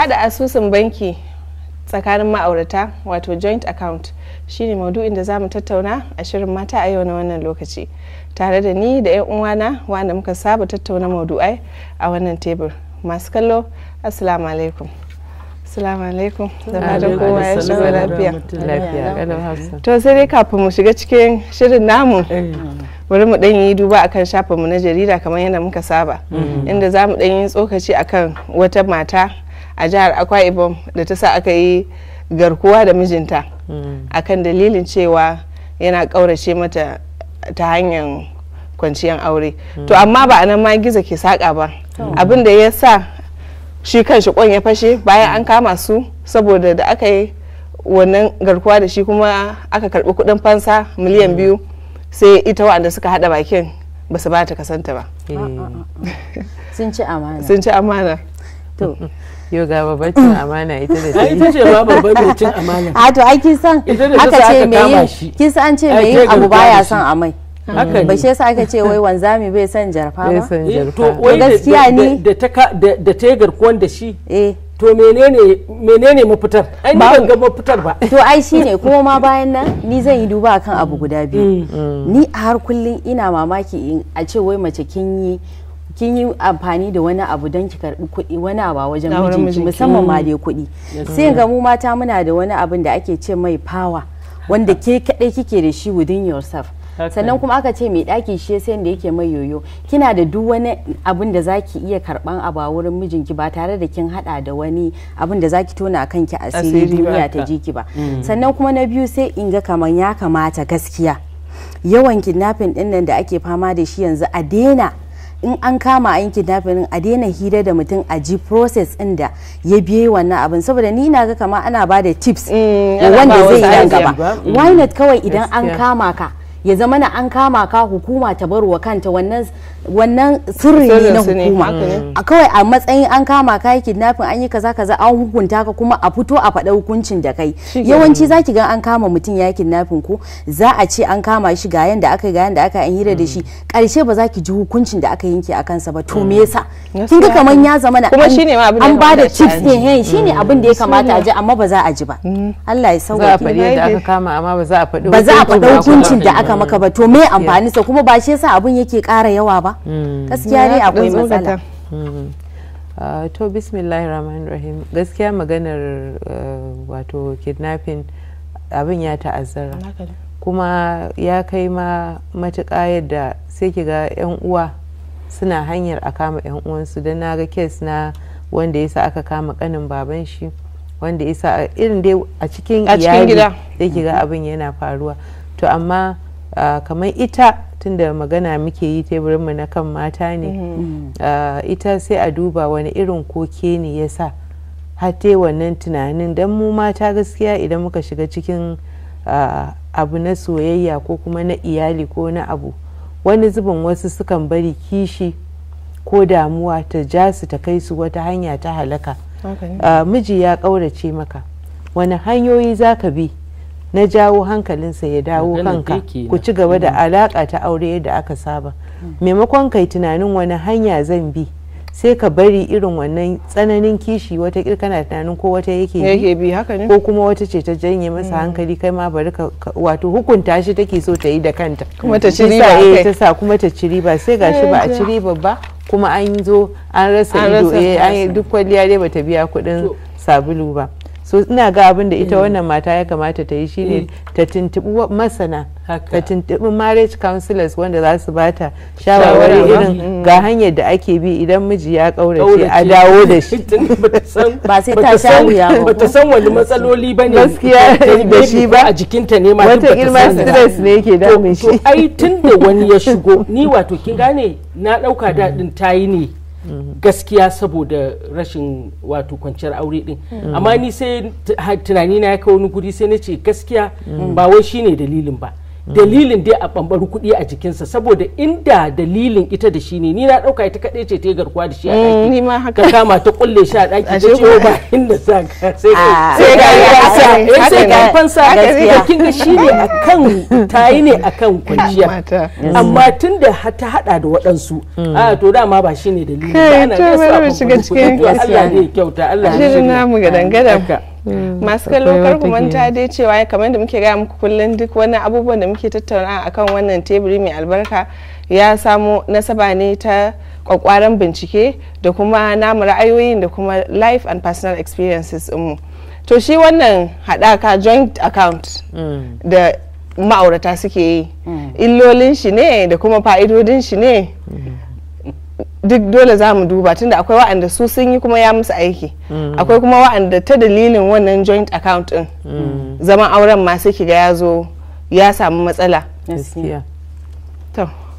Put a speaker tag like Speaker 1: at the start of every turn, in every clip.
Speaker 1: hada
Speaker 2: asusun banki tsakanin ma'aurata wato joint account shine maudu'in da mu tattauna a shirin mata a yau na wannan lokaci tare da ni da 'yan uwana wanda muka saba tattauna maudu'ai a wannan tebur masu kallo assalamu alaikum assalamu alaikum da kowa ya shigo lafiya to sai dai kafin mu shiga cikin shirin namu eh. bari mu dan yi duba akan mu na jarida kamar yadda muka saba mm. inda za mu dan yi tsokaci akan wata mata a jihar akwa ibom da ta sa aka yi garkuwa da mijinta hmm. akan dalilin cewa yana ƙaurace mata ta hanyar kwanciyar aure hmm. to amma ba a nan ma gizo ke saƙa ba hmm. abin da ya sa shi kan shi ya fashe bayan an kama su saboda da aka yi wannan garkuwa da shi kuma aka karbi kuɗin fansa miliyan biyu sai ita wa'anda suka haɗa bakin ba su ba ta kasanta ba eh.
Speaker 3: sun
Speaker 4: ci amana to yau ga babbar cin amana ita da ta yi ita ce ma babbar cin amana a to ai
Speaker 3: kin san aka ce me yin kin san ce me yin abu baya son amai ba shi yasa aka ce wai wanzami bai san jarfa ba eh, to wai gaskiya ni
Speaker 1: da ta da ta garkuwan da shi eh to menene menene mafitar ai ba ban ga mafitar ba to ai shine
Speaker 3: kuma ma bayan nan ni zan yi duba kan abu guda biyu mm. ni a har kullun ina mamaki in a ce wai mace kin yi kin yi amfani da wani abu don ki karbi kuɗi wani abu wajen mijinki musamman ma mm. dai kuɗi sai ga mu mata muna da wani abin da ake ce mai power wanda ke kaɗai kike da shi within yourself sannan kuma aka ce mai ɗaki shi sai da yake mai yoyo kina da duk wani abin da zaki iya karban abu a wurin mijinki ba tare da kin hada da wani abin da zaki tona kanki a sai duniya ta jiki ba mm. sannan kuma na biyu sai in ga kaman ya kamata gaskiya yawan kidnapping din nan da ake fama da shi yanzu a daina in an kama an kidnapping a daina hira da mutum a ji process din da ya biye wannan abin saboda ni na ga kama ana ba da tips mm, wanda zai yi nan gaba mm, why not kawai idan an kama ka ya zama na an kama ka hukuma ta barwa kanta wannan wannan sirri ne na hukuma a kawai a matsayin an kama ka yi kidnapping an yi kaza kaza an hukunta ka kuma a fito a faɗa hukuncin da kai yawanci zaki ga an kama mutum ya kidnapping ko za a ce an kama shi ga yanda aka ga yanda aka an hira da shi karshe mm. ba za ki ji hukuncin da aka yanke a kansa ba to me mm. yasa kin ga kaman ya zama na an ba da chips ne he shine mm. abin da ya kamata a ji amma ba za a ji ba Allah ya sauka za a faɗi da aka kama amma ba za a faɗi ba za a faɗi hukuncin da aka maka maka ba to me amfani sa kuma ba shi yasa abun yake ƙara yawa ba hmm. gaskiya ne akwai matsala
Speaker 4: hmm. ah, to bismillahir rahmanir rahim gaskiya maganar eh, wato kidnapping abin ya ta'azzara kuma ya kai ma matuƙa yadda sai ki ga 'yan uwa suna hanyar a kama 'yan uwansu don na ga kes na wanda ya sa aka kama kanin baban shi wanda ya sa irin dai a cikin iyali yake ga mm-hmm. abin yana faruwa to amma Ah, kamar ita tunda magana muke yi teburinmu na kan mata ne mm-hmm. ah, ita sai a duba wani irin koke ne ya sa hate wannan tunanin don mu mata gaskiya idan muka shiga cikin ah, abu na soyayya ko kuma na iyali ko na abu wani zubin wasu sukan bari kishi ko damuwa ta ja su ta kai su wata hanya ta halaka miji ya ƙaurace maka wani hanyoyi za ka bi na jawo hankalinsa ya dawo kanka ku ci gaba da alaka ta aure yadda aka saba mm. maimakon kai tunanin wani hanya zan bi sai ka bari irin wannan tsananin kishi wata kana tunanin ko wata yake bi ko kuma wata ce ta janye masa mm. hankali kai ma bari ka wato hukunta shi take so ta yi da kanta kuma ta ci ba eh, ta sa kuma ba a ciri eh, ba kuma an zo an rasa ido eh, duk kwalliya dai bata biya kudin sabulu ba so ina ga abin da ita mm. wannan mata ya kamata ta yi shine mm. ta tuntuɓi masana ta tuntuɓi marriage counselors wanda za su bata shawarwari irin mm. ga hanyar da ake bi idan miji ya ƙaurace a dawo da shi ba sai ta sha wuya ba
Speaker 1: ta san wani matsaloli ba ne gaskiya da shi ba a jikinta ne ma wata girma stress ne yake damun shi ai tun da wani ya shigo ni wato kin gane na ɗauka daɗin tayi ne gaskiya saboda rashin wato kwanciyar aure din amma ni sai tunani na ya kawo wani guri sai na ce gaskiya ba wai shine dalilin ba dalilin dai a bambar kuɗi a jikinsa saboda inda dalilin ita da shi ne ni na ɗauka ita kaɗai ce ta garkuwa da shi a eh, ɗaki ka kama ta kulle shi a ɗaki ta ce oh, ba inda za
Speaker 3: ka sai ga ya ah. sai ga fansa da kin ga shi ne akan
Speaker 1: tayi ne akan kwanciya amma tunda ta hada da waɗansu hmm. a ah, to dama ba shi ne dalilin eh, ba na da sabon kuɗi Allah ne kyauta Allah ne shirin namu ga dangadan
Speaker 2: Hmm, masu kallon karku manta dai cewa kamar da muke gaya muku kullum duk wani abubuwan da muke tattauna akan wannan teburi mai albarka ya samo nasaba ne ta kwakwaran bincike da kuma namu ra'ayoyin da kuma life and personal experiences mu to shi wannan haɗaka joint account hmm. da ma'aurata suke yi hmm. illolin shi ne da kuma fa'idodin shi ne duk dole za mu duba tunda akwai wa'anda su sun yi kuma ya musu aiki mm. akwai kuma wa'anda ta dalilin wannan joint account din mm. zaman auren masu kiga ya ya samu matsala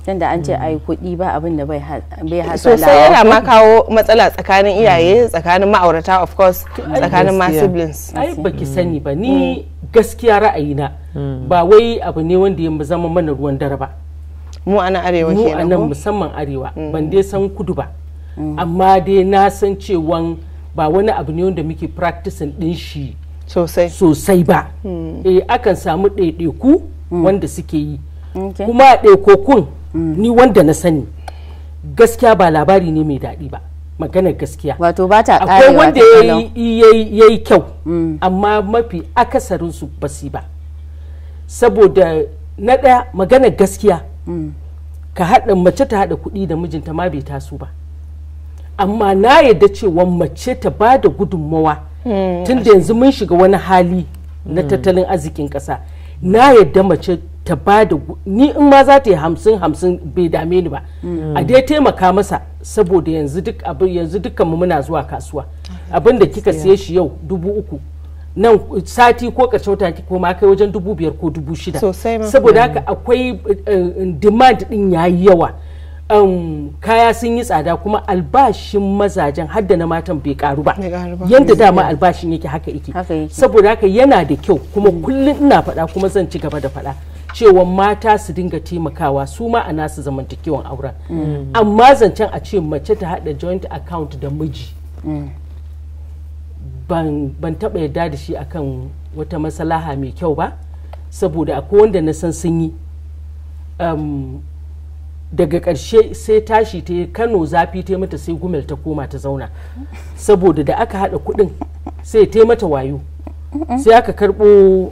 Speaker 2: tunda an ce ai mm.
Speaker 3: kuɗi ba abin da bai hasala sosai yana ma
Speaker 2: kawo matsala tsakanin iyaye tsakanin ma'aurata of course tsakanin ma siblings ai baki sani ba ni
Speaker 1: gaskiya ra'ayina ba wai abu ne wanda ya zama mana ruwan dare ba mu a nan arewa mu a nan musamman arewa mm. ban dai san kudu ba mm. amma dai na san cewan ba wani abu ne wanda muke practicing din shi sosai sosai ba mm. eh akan samu ɗaiɗaiku wanda suke yi kuma kokun. ni wanda na sani gaskiya ba labari ne mai daɗi ba maganar gaskiya wato ba ta akwai wanda ya yi kyau amma mafi akasarinsu ba su ba saboda na ɗaya maganar gaskiya ka haɗa mace ta haɗa kuɗi da mijinta ma bai taso ba amma na yadda cewa mace ta bada da gudunmawa hmm. tun da yanzu mun shiga wani hali na hmm. tattalin arzikin ƙasa na yadda mace ta ba ni in ma za ta yi hamsin hamsin bai dame ni ba hmm. a dai taimaka masa saboda yanzu duk dukkan muna zuwa kasuwa abinda kika siye shi yau dubu uku nan sati ko kasauta wata ki koma kai wajen dubu biyar ko dubu shida saboda haka akwai eh, eh, demand din yayi yawa um, kaya sun yi tsada kuma albashin mazajen hadda na matan bai karu ba yadda dama albashin yake haka yake saboda haka yana da kyau kuma mm. kullum ina faɗa kuma zan ci gaba da faɗa cewa mata su dinga taimakawa su ma a nasu zamantakewan auren mm. amma zancen a ce mace ta haɗa joint account da miji mm. ban taɓa yarda da shi akan wata masalaha mai kyau ba saboda akwai wanda na san sun yi daga karshe sai tashi ta yi kano zafi ta mata sai gumel ta koma ta zauna saboda da aka haɗa kuɗin sai ta mata wayo sai aka karɓo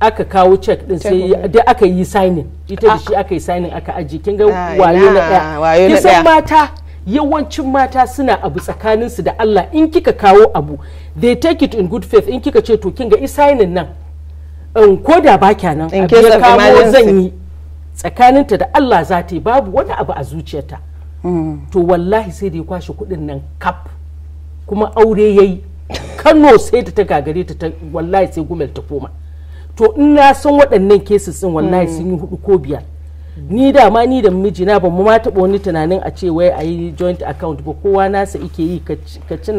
Speaker 1: aka kawo cek din sai dai aka yi signing ita da ah. shi aka yi signing aka ajiye kin ga ah, wayo na ɗaya kisan mata yawancin mata suna abu tsakaninsu da Allah in kika kawo abu they take it in good faith in kika ce to kin ga isainin nan um, ko da ba nan abu ya kawo zan yi tsakaninta da Allah za ta yi babu wani abu a zuciyarta hmm. to wallahi sai da ya kwashe kuɗin nan kaf kuma aure yayi Kano sai ta ta gare ta wallahi sai gumel ta koma to in na san waɗannan kesis din wallahi hmm. sun yi hudu ko biyar ni da ma ni da mijina ba mu ma taɓa wani tunanin a ce wai a yi joint account ba kowa nasa ike yi ka ci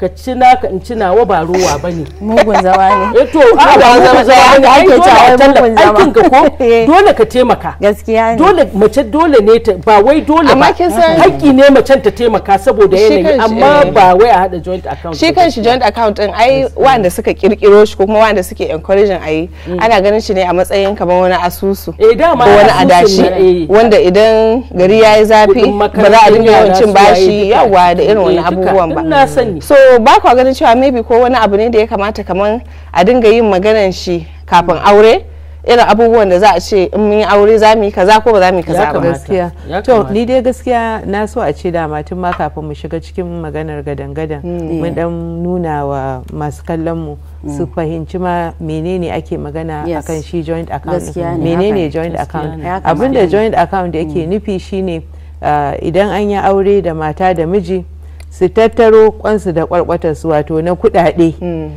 Speaker 1: ka ci naka in ci wa ba ruwa ba ne. Mugun zama ne. Eto, eh a ba zama zama ne ake ci a tallan aikin ka ko eh. dole ka taimaka. Gaskiya ne. Dole mace dole ne ta ba wai dole ba. Haƙƙi ne macen ta taimaka saboda yanayi amma eh. ba wai a haɗa joint account. Shi
Speaker 2: kanshi joint account din, ai wanda suka kirkiro shi ko kuma wanda suke encouraging ayi mm. ana ganin shi ne a matsayin kamar wani asusu. Eh dama ko wani adashi wanda idan gari yayi zafi ba za a dinga yawan cin bashi yawa da irin wani abubuwan ba. Ina sani. So ba kwa ganin cewa maybe ko wani abu ne da ya kamata kamar a dinga yin maganan shi kafin aure irin abubuwan da za a
Speaker 4: ce in mun yi aure za mu yi kaza ko ba za mu yi kaza ba gaskiya to ni dai gaskiya na so a ce dama tun ma kafin mu shiga cikin maganar gadan hmm. mun dan nuna wa masu kallon mu hmm. su fahimci ma menene ake magana akan shi joint account menene joint account abinda joint account yake hmm. nufi shine uh, idan an yi aure da mata da miji su tattaro kwansu da kwarkwatar su wato na kudade hmm.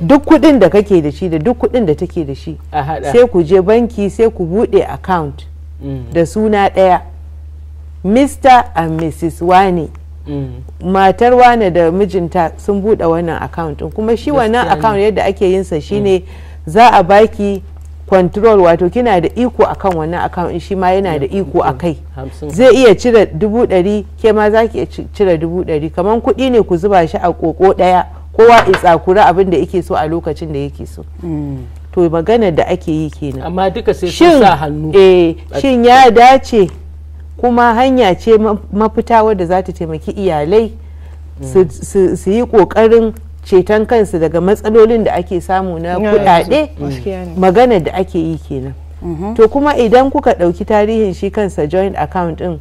Speaker 4: duk kudin da kake da shi da duk kudin da take da shi sai ku je banki sai ku bude account hmm. da suna daya mr and mrs wane hmm. matar wane da mijinta sun bude wannan account kuma shi wannan account yadda ake yinsa shine za a baki control wato kina da iko akan wannan account shi ma yana da iko a kai zai iya cire dubu ɗari ke ma za ki iya cire dubu ɗari kamar kuɗi ne ku zuba shi a koko ɗaya kowa tsakura abin da yake so a lokacin da yake so mm. to maganar da ake yi kenan amma duka sai sun sa hannu eh shin ya dace kuma hanya ce mafita wadda za ta taimaki iyalai su mm. yi kokarin ceton kansu daga matsalolin da ake samu na kudade magana da ake yi kenan mhm. to kuma idan kuka dauki tarihin shi kansa joint account din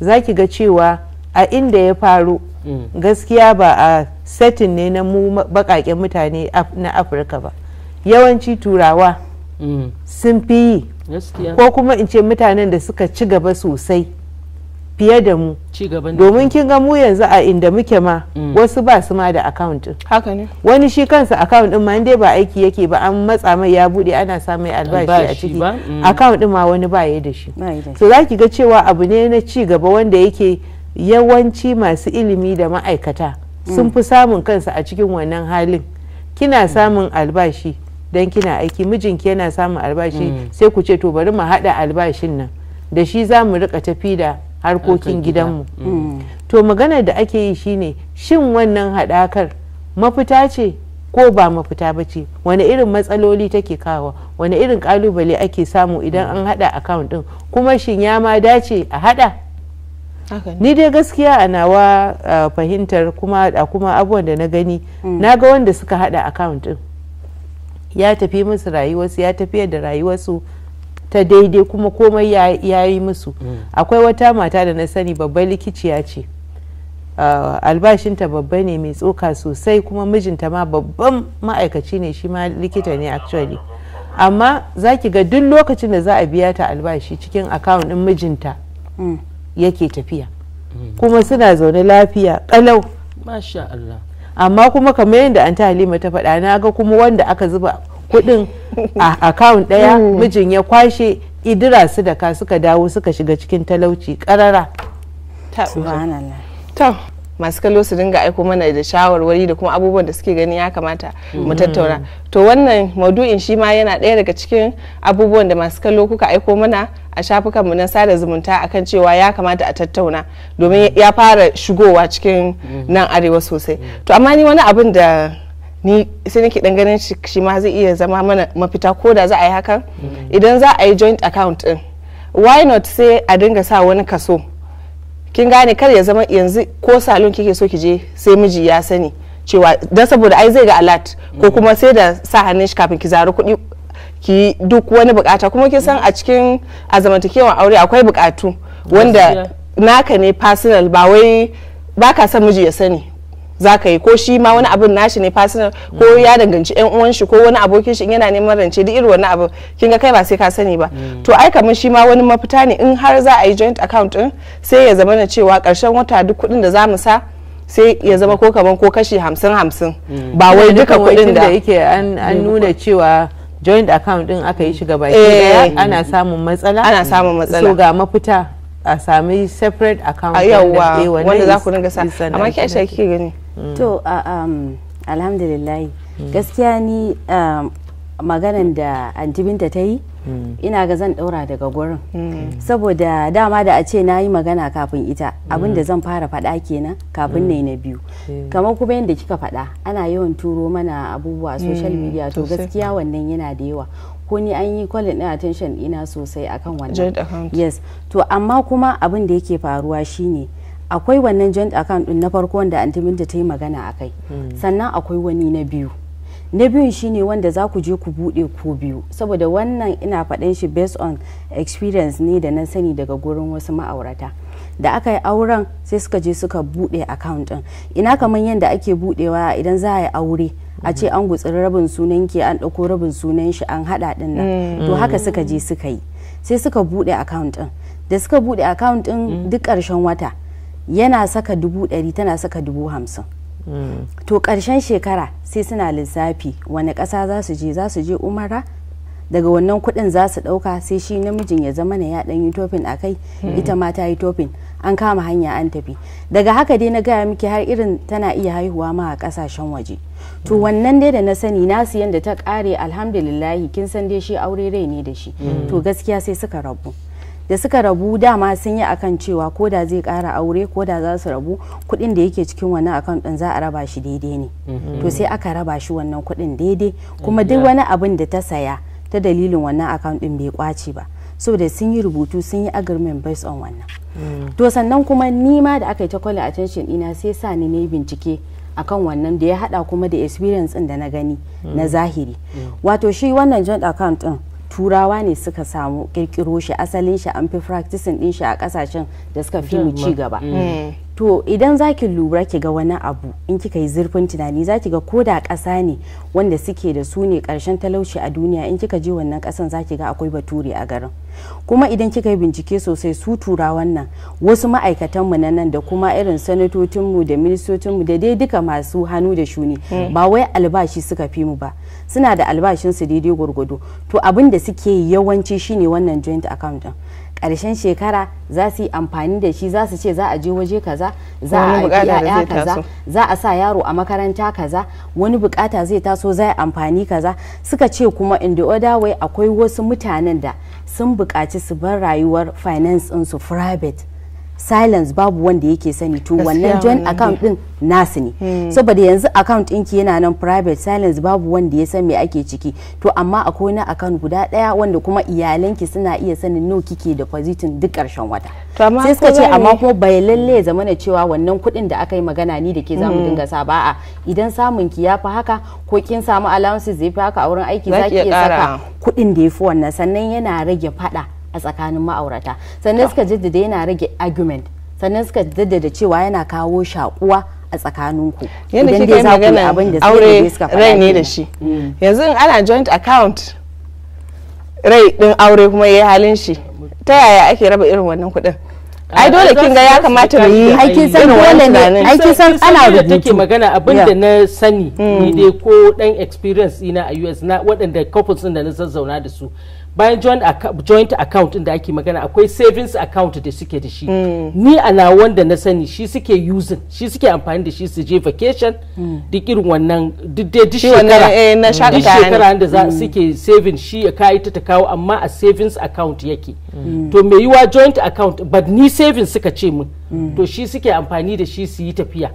Speaker 4: zaki ga cewa a inda ya faru mm. gaskiya ba a setting ne na mu baƙaƙen mutane na afirka ba yawanci turawa mm. sun fi yi ko kuma in ce mutanen da suka ci gaba sosai fiye da mu domin kin ga mu yanzu a inda muke ma mm. wasu ba su ma da account haka ne wani shi kansa account din ma dai ba aiki yake ba an matsa mai ya bude ana sa mai albashi a ciki mm. account din ma wani ba ya da shi so zaki ga cewa abu ne na ci gaba wanda yake yawanci masu ilimi da ma'aikata mm. sun fi samun kansa a cikin wannan halin kina samun albashi dan kina aiki mijinki yana samun albashi sai ku ce to bari mu haɗa albashin nan da shi za mu rika tafi da harkokin gidanmu mm. Mm. to magana da ake yi shine shin wannan haɗakar mafita ce ko ba mafita ba ce wani irin matsaloli take kawo wani irin kalubale ake samu idan an hada account din kuma shin ya ma dace a hada ni dai gaskiya a nawa fahimtar kuma da kuma abubuwan da na gani mm. na ga wanda suka hada account din ya tafi musu rayuwarsu ya tafiyar da rayuwarsu ta daidai kuma komai ya yi musu mm. akwai wata mata da na sani babban likiciya ce ah, albashinta babba ne mai tsoka sosai kuma mijinta ma babban ma'aikaci ne shi ma likita ne actually amma za ki ga duk lokacin da za a biya ta albashi cikin akawun din mijinta mm. yake tafiya mm. kuma suna zaune lafiya kalau amma kuma kamar yadda an ta halima ta faɗa na ga kuma wanda aka zuba kuɗin a akawun ɗaya mm. mijin ya kwashe idira su da ka suka dawo suka shiga cikin talauci karara
Speaker 2: masu kallo su dinga aiko mana da shawarwari da kuma abubuwan da suke gani ya kamata mu mm. tattauna to wannan maudu'in shi ma yana ɗaya daga cikin abubuwan da masu kallo kuka aiko mana a shafukan mu na sada zumunta akan cewa ya kamata a tattauna domin ya fara shigowa cikin mm. nan arewa sosai to amma ni wani abin da ni sai nake dan ganin shi ma zai iya zama mana mafita ko da za a yi hakan idan za a yi joint account din why not sai a dinga sa wani kaso kin gane kar ya zama yanzu ko salon kike so kije sai miji ya sani cewa dan saboda ai zai ga alert ko kuma sai da sa hannun shi kafin ki zaro kuɗi ki duk wani bukata kuma kin san a cikin azamantakewan aure akwai bukatu wanda naka ne personal ba wai baka son miji ya sani za ka yi ko shi ma wani abin nashi ne fasinar ko mm. ya danganci yan uwan shi ko wani abokin shi yana neman rance duk irin wani abu kin ga kai ba sai ka sani ba mm. to ai kamar shi ma wani mafita ne in har za a yi joint account din sai ya zama na cewa karshen wata duk kuɗin da za mu sa sai ya zama ko kaman ko kashi hamsin hamsin
Speaker 4: mm. ba wai duka kuɗin da yake an nuna cewa joint account din aka yi shiga baki daya eh. ana samun matsala ana samun matsala so ga mafita a sami separate account eh,
Speaker 3: wanda za ku dinga sa amma ke shi kike gani Mm. to um, alhamdulillah mm. gaskiya ni um, maganan da antibinta ta yi mm. ina ga zan ɗaura daga gurin saboda dama da a ce na yi magana kafin ita abinda zan fara faɗa kenan kafin na na biyu kamar kuma yadda kika faɗa ana yawan turo mana abubuwa social media to gaskiya wannan yana da yawa ko ni an yi kwalin ɗin attention ina sosai akan wannan yes to amma kuma abin da yake faruwa shine akwai wannan joint account din na farko wanda antiminta ta yi magana a kai hmm. sannan akwai wani na biyu na biyun shine wanda za ku je ku buɗe ko biyu saboda wannan ina faɗin shi based on experience ne da na sani daga gurin wasu ma'aurata da aka yi auren sai suka je suka buɗe account din ina kamar yadda ake buɗewa idan za a yi aure a ce hmm. an gutsiri rabin sunan ki an ɗauko rabin sunan shi an haɗa ɗin nan hmm. to haka suka je suka yi sai suka buɗe account din da suka buɗe account din duk ƙarshen wata yana saka dubu ɗari tana saka dubu hamsin mm. to ƙarshen shekara sai suna lissafi wani ƙasa za su je za su je umara daga wannan kuɗin za su ɗauka sai shi namijin ya zama na ya ɗan yi tofin a kai hmm. ita ma ta yi tofin an kama hanya an tafi daga haka dai na gaya miki har irin tana iya haihuwa ma a ƙasashen waje to hmm. wannan dai da na sani na siyan ta ƙare alhamdulillahi kin san dai shi aure rai ne da shi hmm. to gaskiya sai suka rabu da suka rabu dama sun yi akan cewa ko da zai kara aure ko da za su rabu kuɗin da yake cikin wannan account din za a raba shi daidai ne mhm. to sai aka raba shi wannan kuɗin daidai kuma mhm. duk wani abin da ta saya ta dalilin wannan account din bai kwace ba saboda sun yi rubutu sun yi agreement based on wannan mm. to sannan kuma nima da aka yi ta kwali attention ina sai sa ni ne bincike akan wannan da ya hada kuma da experience din da na gani na mm. zahiri mm. wato shi wannan joint account din turawa ne suka samu kirkiro shi asalin shi an fi practicing din shi a kasashen da suka fi mu ci gaba mm. eh. to idan zaki lura ki ga wani abu in kika yi zurfin tunani zaki ga ko da ƙasa ne wanda suke da su ne ƙarshen talauci a duniya in kika je wannan kasan zaki ga akwai bature a garin kuma idan kika yi bincike sosai su turawan nan wasu ma'aikatan mu nan da kuma irin mu da mu da dai duka masu hannu da shuni mm. ba wai albashi suka fi mu ba suna da albashin su daidai gurgudu to abin da suke yawanci shine wannan joint account din karshen shekara za su yi amfani da shi za su ce za a je waje kaza za a biya kaza za a sa yaro a makaranta kaza wani bukata zai taso za a amfani kaza suka ce kuma in the other way akwai wasu mutanen da sun bukaci su bar rayuwar finance su private silence babu wanda yake sani to wannan joint account din nasu ne hmm. saboda yanzu account ɗinki yana nan private silence babu wanda ya san me ake ciki to amma akwai na account guda daya wanda kuma iyalanki suna iya sanin no kike depositin duk karshen wata sai suka ce amma kuma bai lalle zama cewa wannan kuɗin da aka yi magana ni da ke zamu hmm. dinga sa ba'a idan samun ki ya fi haka ko kin samu allowances zai fi haka a wurin aiki zaki iya saka kuɗin da ya fi wannan sannan yana rage faɗa a tsakanin ma'aurata sannan suka jaddada yana rage argument sannan suka jaddada cewa yana kawo shakuwa a tsakaninku idan dai za ku yi abin da aure rai ne da shi mm. yanzu in ana joint account
Speaker 2: rai din aure kuma ya halin shi ta yaya ake raba irin wannan kuɗin ai dole kin ga ya kamata mu yi aikin san dole ne aikin san ana rubutu
Speaker 1: take magana abin da na sani ni mm. dai ko dan experience ina a US na waɗanda couples din da na zazzauna da su bayan joint account da ake magana akwai savings account da suke da shi mm. ni ana wanda na sani shi suke using shi suke amfani da shi su je vacation mm. duk irin wannan duk shekara eh, shekara da za mm. suke saving shi ya kai ta kawo amma a savings account yake to me yiwa joint account but ni savings suka ce min to shi suke amfani da shi su yi tafiya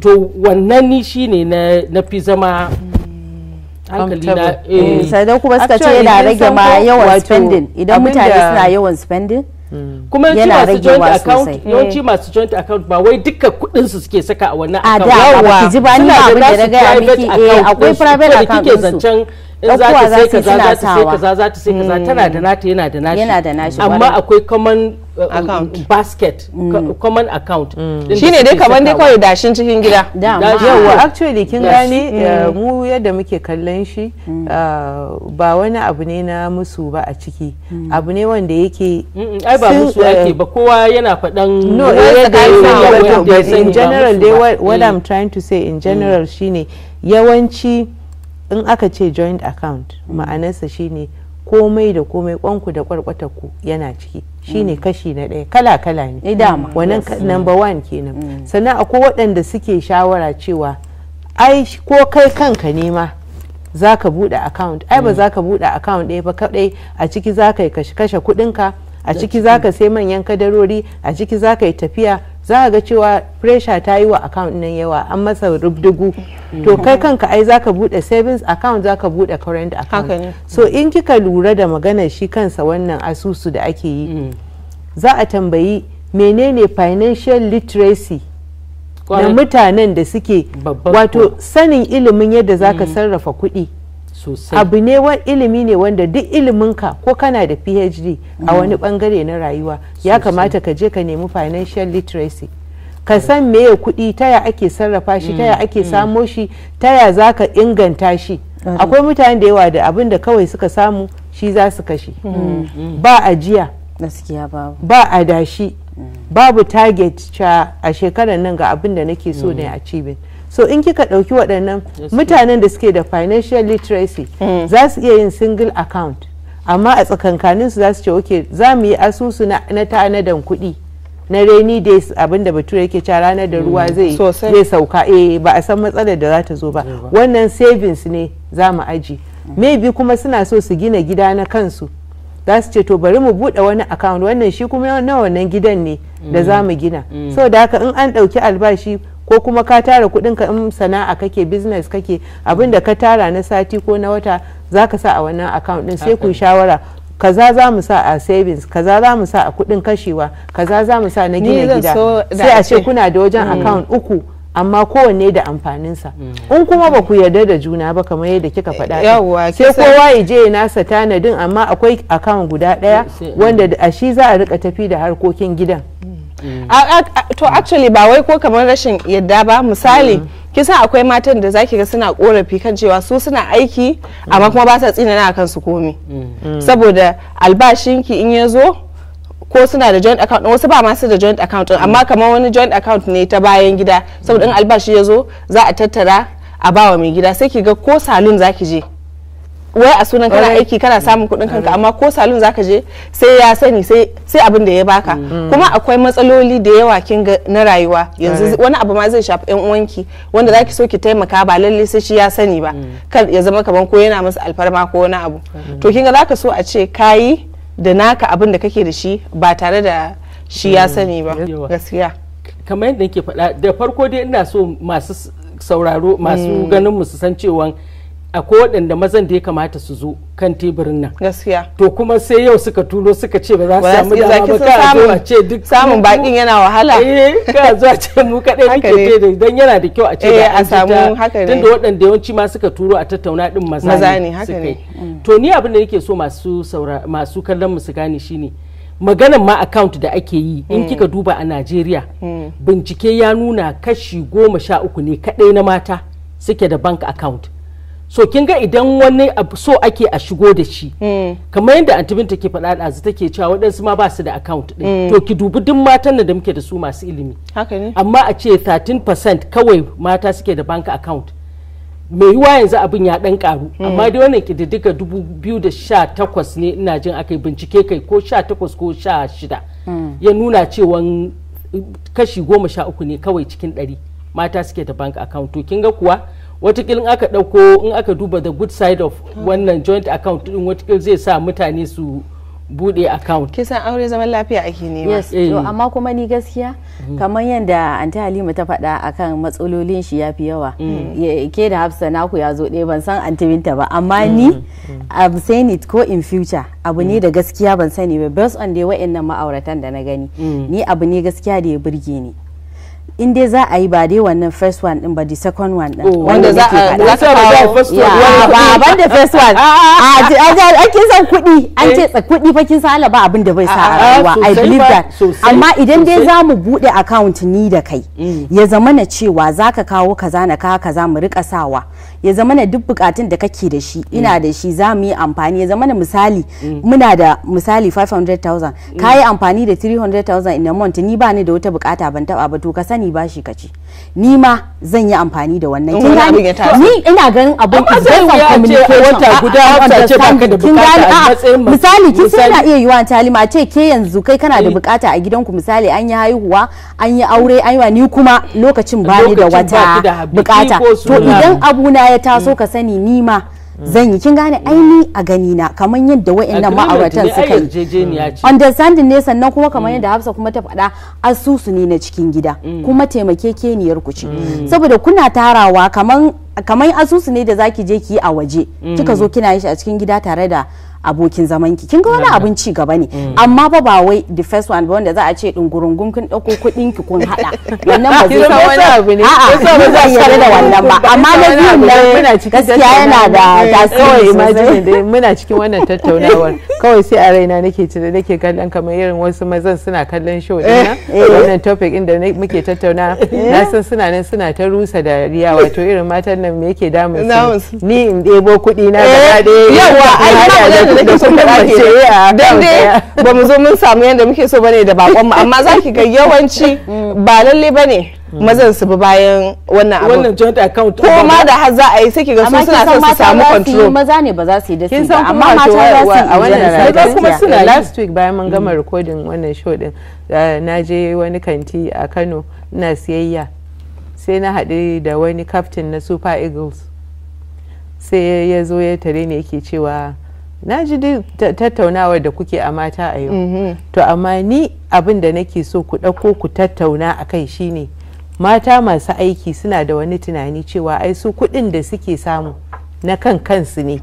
Speaker 1: to wannan ni shine na fi zama hankali eh. mm, na kuma suka ce yana rage ma yawan spending idan mutane suna yawan
Speaker 3: spending mm. kuma yawanci masu joint account yawanci
Speaker 1: eh. masu joint account ba wai duka kudin su suke saka a wannan account a da ba ji ba ni da na ga miki eh, akwai private account kike zancen in za ta sai kaza za ta sai kaza za ta sai kaza tana da nata yana da nashi amma akwai common Uh, um, account basket mm. common account mm. shine dai kamar dai kawai
Speaker 2: dashin cikin gida yawa actually kin gane mm. uh,
Speaker 1: mu
Speaker 4: yadda muke kallon shi uh, ba wani abu ne na musu ba a ciki abu ne wanda yake
Speaker 1: ai ba musu yake ba kowa yana faɗan no
Speaker 4: in general dai what i'm trying to say in general shine yawanci in aka ce joint account ma'anarsa shine komai da komai kwanku da ku yana ciki shine kashi na ɗaya kala kala ne eh, wannan number one kenan mm. sannan akwai waɗanda suke shawara cewa ai ko kai kanka ne ma za ka buɗe account ai ba mm. za ka buɗe account ɗaya ba kaɗai a ciki za ka yi kashe kuɗinka a ciki za ka sai manyan kadarori a ciki za ka yi tafiya za a ga cewa pressure ta yi wa account nan yawa an masa rubdugu to kai kanka ai ka bude savings account za ka bude current account so in kika lura da magana shi kansa wannan asusu da ake yi mm. za a tambayi menene financial literacy na mutanen da suke wato sanin ilimin yadda za ka mm. sarrafa kuɗi abu ne wani ilimi ne wanda duk iliminka ko kana da phd a wani mm. bangare na rayuwa ya kamata ka je ka nemi financial literacy ka san meye kuɗi taya ake sarrafa shi taya mm, ake mm. samo shi taya za ka inganta shi akwai mutane da yawa da abin da kawai suka samu shi za su kashe ba ajiya ba adashi babu target cha a shekarar nan ga abin da nake so ne a cibin so in kika dauki waɗannan mutanen da suke da financial literacy hmm. za su iya yin single account amma a tsakankanin su za su ce ok za mu yi asusu na tanadan kuɗi na rainy days abinda bature yake cewa ranar da ruwa hmm. zai zai sauka eh ba a san matsalar da za ta zo ba wannan savings ne za mu aji hmm. maybe kuma suna so su gina gida na kansu za su ce to bari mu buɗe wani account wannan shi kuma na wannan gidan ne da za mu gina so da haka in an ɗauki albashi ko kuma ka tara kuɗin ka in sana'a kake business kake abin da ka tara na sati ko na wata za ka sa a wannan account din sai ku shawara kaza za mu sa a savings kaza za mu sa a kuɗin kashewa kaza za mu sa na gina gida sai a ce kuna da wajen mm. account uku amma kowanne da amfaninsa mm. in kuma ba ku mm. yarda da juna ba kamar yadda kika faɗa sai kowa ya je nasa tanadin amma akwai account guda
Speaker 1: daya wanda
Speaker 4: a shi za a rika tafi da harkokin gidan to actually
Speaker 2: ba wai ko kamar rashin yadda ba misali kisa akwai matan da zaki ga suna korafi kan cewa su suna aiki amma kuma ba sa tsinana kan su komi mm. saboda albashinki in ya zo ko suna da joint account wasu ba masu da joint account amma kamar wani joint account ne ta bayan gida saboda in albashi ya zo za a tattara a bawa mai gida sai ki ga ko salon zaki je wai a sunan kana aiki kana samun kuɗin kanka amma ko salon zaka je sai ya sani sai abin da ya baka mm. Mm. kuma akwai matsaloli da yawa kin ga na rayuwa yanzu wani abu ma zai shafi yan uwanki wanda zaki so ki taimaka ba lalle sai shi ya sani ba mm. kar ya zama kaman ko yana masa alfarma ko wani abu to kin ga zaka so a ce kayi da naka abin da kake
Speaker 1: da shi ba tare da shi ya sani ba gaskiya kamar yadda ke faɗa da farko dai ina so masu sauraro masu ganin mu su san cewa akwai waɗanda mazan da ya kamata su zo kan teburin nan gaskiya to kuma sai yau suka tulo suka ce ba za su samu dama ba eh, ka zo a ce duk samun bakin yana wahala eh ka a ce mu kaɗai muke ce da idan yana da kyau a ce ba eh, a samu haka ne tunda waɗanda yawanci ma suka turo a tattauna din maza ne haka ne mm. to ni abin da nake so masu saura masu kallon mu su gane shine maganan ma account da ake yi in mm. kika duba a Najeriya mm. bincike ya nuna kashi goma sha uku ne kadai na mata suke da bank account so kin ga idan wani abu so ake a shigo da shi hmm. kamar yadda antibin ke faɗa ɗazu take cewa waɗansu ma ba su da account ɗin hmm. to ki dubi duk matan da muke da su masu ilimi amma a ce 13% kawai mata suke da bank account mai yiwa yanzu abin ya ɗan ƙaru hmm. amma dai wannan ƙididdiga 2018 ne ina jin aka yi bincike kai ko 18 ko 16 ya nuna cewa kashi 13 ne kawai cikin 100 mata suke da bank account to kin ga kuwa watakil aka dauko in aka duba the good side of wannan joint account din watakil zai sa mutane su bude
Speaker 3: account kisa aure zaman lafiya ake nema yes eh. to amma kuma ni gaskiya mhm. kamar yadda anti halima ta faɗa akan matsalolin shi yafi yawa mm. ke da hafsa naku ya zo ɗaya ban san anti binta ba amma ni mm. Mm. i'm saying it ko in future abu ne da gaskiya ban sani ba based on dai wa'annan ma'auratan da na gani ni abu ne gaskiya da ya burge ni in dai za a yi ba dai wannan first one din ba the second one din oh. wanda za a za a ba first one ba ban da first one a ah, ah, ah. kin san kudi an eh. ce kudi fa kin san ba abin da bai sa a rayuwa i believe that amma idan dai za mu bude account ni da kai mm. ya zama na cewa zaka kawo kaza na kawo kaza mu rika sawa ya zama na duk bukatun da kake da shi mm. ina da shi za mu yi amfani ya zama na misali mm. muna da misali 500,000 mm. ka yi amfani da 300,000 in a month ni ba ni da wata bukata ban taba ba to ka sani ba shi kaci ni ma zan yi amfani da wannan kin gani ni ina ganin abun zan communicate wata guda wata ce baka da bukata a matsayin misali kin san na iya yiwa talima ce ke yanzu kai kana da eh. bukata a gidanku misali an yi haihuwa an yi aure an yi ni kuma lokacin ba ni da wata bukata to idan abuna ya taso mm. ka sani ni ma zan yi kin gane aini a gani na kamar yadda wayannan ma'auratan suka
Speaker 1: yi understanding
Speaker 3: ne sannan kuma kamar mm. yadda Hafsa kuma ta faɗa asusu ne na cikin gida mm. kuma taimakekeniyar ku ce saboda kuna tarawa kamar kamar asusu ne da zaki je ki yi a waje kika zo kina yi shi a cikin gida tare da abokin zaman ki kin ga wani abin ci gaba ne mm. amma ba ba wai the first one ba wanda za a ce dungurungun kin dauko kudin ki kun hada wannan ba zai san wani abu ne a'a ba zai yi da wannan ba amma na muna cikin gaskiya yana da tasiri eh, imagine dai
Speaker 4: muna cikin wannan tattaunawar kawai sai a raina nake tunani nake kallon kamar irin wasu mazan suna kallon show din eh, eh. wannan topic inda da muke tattauna na san suna nan suna ta rusa dariya wato irin matan nan me yake damun su ni in debo kudi na gaba da yawa ai nake so ka ce dan dai
Speaker 2: ba mu zo mun samu yanda muke so bane da bakon mu amma zaki ga yawanci mm. ba lalle bane mazan su bi bayan wannan abu wannan joint account ko ma da har za a yi sai ki ga su suna son su samu control amma maza
Speaker 3: ne ba za su yi da ba amma mata za su yi a wannan sai kuma suna last
Speaker 4: week bayan mun gama mm. recording wannan show din na je wani kanti a Kano ina siyayya sai na haɗu da wani captain na Super Eagles sai ya zo ya tare ne yake cewa na ji tattaunawa da kuke a mata a yau mm-hmm. to amma ni abin da nake so ku ɗauko ku tattauna a kai shine mata masu aiki suna da wani tunani cewa ai su kuɗin da suke samu na kan kansu ne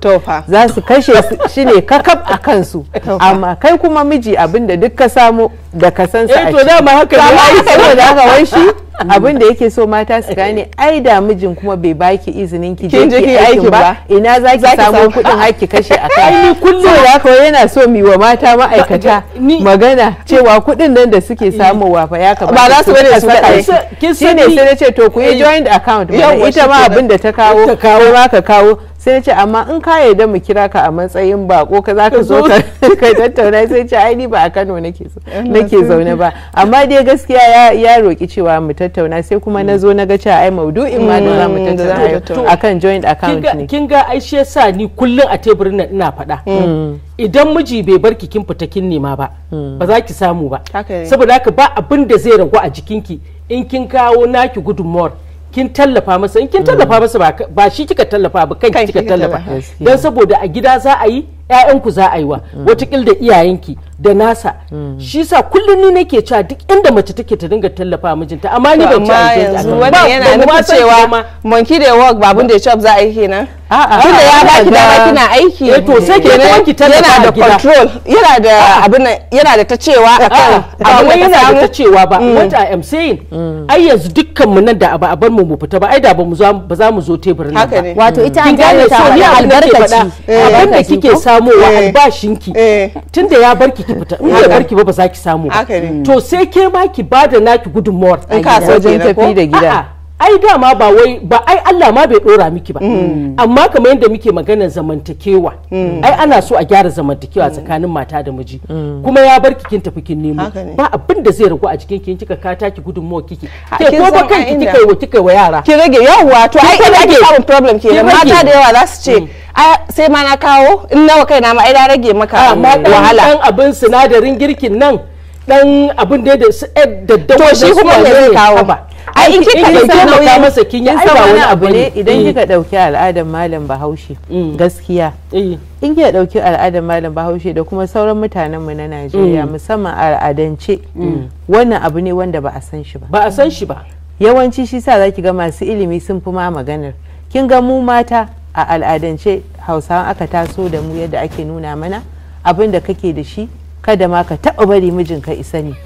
Speaker 4: za su kashe shi ne kakaf a kansu amma kai kuma miji abin da duk ka samu da ka san sa a eh, ciki. dama haka ne ai da haka wai shi abin da yake so mata su gane ai da mijin kuma bai baki izinin ki je ki aikin ba ina zaki samu kuɗin haki kashe a kai ai kullum da haka yana so mi wa mata ma'aikata magana cewa kuɗin nan da suke wa fa ya kamata ba za su bane su shi ne sai ce to ku yi eh, joint account ita ma abin da ta kawo ko ma ka kawo sai ce amma in ka yarda mu kira ka a matsayin bako ka za ka zo ka tattauna sai ce ai ni ba a Kano nake
Speaker 1: eh, zaune
Speaker 4: ba amma dai gaskiya ya roki cewa mu tattauna sai kuma na zo na ga cewa ai maudu'in ma da za mu mm, tattauna akan joint account ne
Speaker 1: kin ga ai shi yasa ni kullum a teburin nan ina faɗa mm. idan miji bai barki kin fita kin nema ba mm. ba za ki samu ba saboda haka ba abin da zai ragu a jikinki in kin kawo naki gudunmuwar kin tallafa masa in kin tallafa mm. masa ba shi kika tallafa ba kai kika tallafa Don saboda a gida za a yi 'ya'yanku za a yi wa mm. watakil da iyayenki da nasa mm. shi sa kullum ni nake cewa duk inda mace take ta dinga tallafa mijinta amma ni ban ci yanzu wanda yana nufin cewa monkey da work babun da shop za a yi kenan
Speaker 2: tunda ya ki dama kina aiki eh to sai ne ki tallafa da control yana da abin yana da ta cewa akan abin yana da ta cewa ba mm. what i
Speaker 1: am saying ai yanzu dukkan mu nan da ba a bar mu mu fita ba ai da ba mu ba za mu zo teburin nan ba wato ita an gane ta albarkaci abin da eh. kike sa samowa eh. albashinki eh. tun da ya barki ki fita in ya barki ba ba za ki samu to sai ke ma ki bada naki gudunmawar in ka wajen tafi da gida ai dama ba wai ba ai Allah ma bai dora miki ba mm. amma kamar yadda muke maganar zamantakewa mm. ai ana so a gyara zamantakewa mm. tsakanin mata da miji kuma ya bar kikin tafi kin nemo ba abin da zai ragu a jikin kin kika kata ki gudunmuwa kike ke ko ba kanki kika wa kika wa yara ki rage yawa to ai ina ki samun problem ke mata da yawa za su ce sai ma na kawo in nawa
Speaker 2: kaina ma ai na rage
Speaker 1: maka ah, wahala dan abin sinadarin girkin nan dan abin da da daddawa da su ba eh, zai kawo ba ai in kika dauki nauyi masa kin yi ba wani abu ne idan mm. kika
Speaker 4: dauki al'adar malam Bahaushe mm. gaskiya eh. in kika dauki al'adar malam Bahaushe da kuma sauran mutanen mu na Najeriya mm. musamman al'adance wannan abu ne wanda ba a san shi ba ba a san shi ba yawanci shi sa zaki ga masu ilimi sun fi ma maganar kin ga mu mata a al'adance hausawa aka taso da mu yadda ake nuna mana abin da kake da shi kada ma ka taɓa bari mijinka isa ne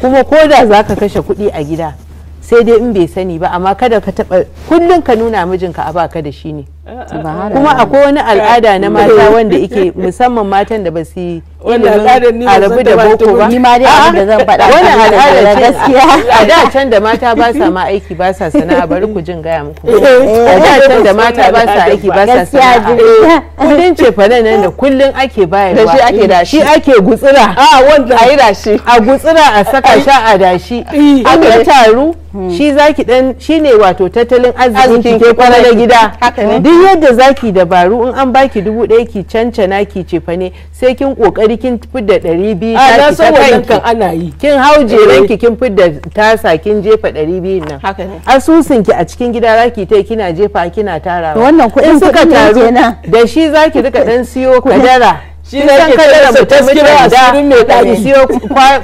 Speaker 4: kuma ko da za ka kashe kuɗi a gida sai dai in bai sani ba amma kada ka taba kullum ka nuna mijinka a baka da shi ne kuma akwai wani al'ada na mata wanda ike musamman matan da ba su wannan al'adar ni a rabu da boko ba ni ma dai abin da zan faɗa wannan al'adar ce gaskiya a da can da mata ba sa ma aiki ba sa sana'a bari ku jin gaya muku eh, eh, a da eh, can da mata ba sa aiki ba sa sana'a kudin ce fa nan da kullun ake bayarwa da shi ake dashi shi ake gutsira ah, a wanda ayi dashi a gutsira a saka sha a dashi aka taru hmm. shi zaki dan shine wato tattalin arzikin ke kwana na gida duk yadda zaki dabaru in an baki dubu ɗaya ki cancana ki ce fa ne sai kin kokari ɗari kin da ɗari biyu ta ki ta kan ana yi kin hau eh. jeren kin kin fidda tasa kin jefa ɗari biyu nan asusun ki a cikin gida zaki ta kina jefa kina tarawa wannan kuɗin suka taru da shi ki rika ɗan siyo kadara shi ne ke kada da ta kira asirin mai ɗari siyo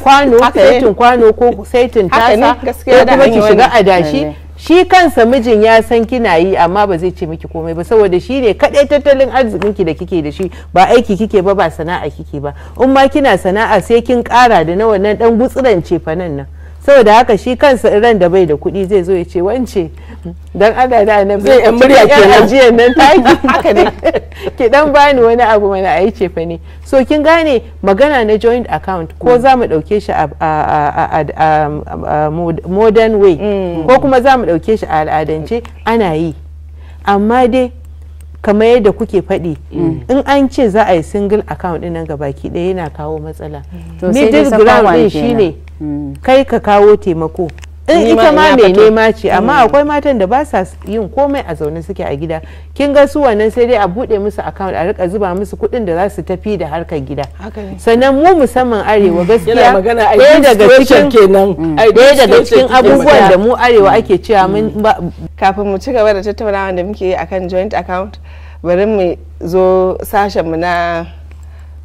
Speaker 4: kwano saitin kwano ko saitin tasa ko kuma ki shiga adashi shi kansa mijin ya san kina yi amma ba zai ce miki komai ba saboda shi ne kaɗai tattalin arzikin ki da kike da shi ba aiki kike ba ba sana'a kike ba in ma kina sana'a sai kin ƙara da na wannan ɗan fa nan nan saboda haka shi kansa ran da bai da kuɗi zai zo ya ce wance dan Allah da annabi zai yan murya ke jiyan nan taki haka ne ki dan bani wani abu mana ayi ce fa ne so kin gane magana na joint account ko mm. za mu dauke shi a modern way mm. ko kuma za mu dauke shi a al'adance ana yi amma dai kamar yadda kuke faɗi mm. in an ce za a yi single account ɗin nan baki ɗaya yana kawo matsala middle ground ɗin shine mm. kai ka kawo taimako
Speaker 3: Eh, in ita ma mai nema ce amma mm. akwai
Speaker 4: matan da ba sa yin komai a zaune suke a gida kin ga su wannan sai dai a bude musu account a rika zuba musu kuɗin da za su tafi da harkar gida sannan mu musamman arewa mm.
Speaker 2: gaskiya ɗaya daga cikin
Speaker 1: mm. ɗaya daga cikin abubuwan da mu arewa
Speaker 2: ake cewa mun kafin mu ci gaba da tattaunawa da muke yi akan joint account bari mu zo sashen mu na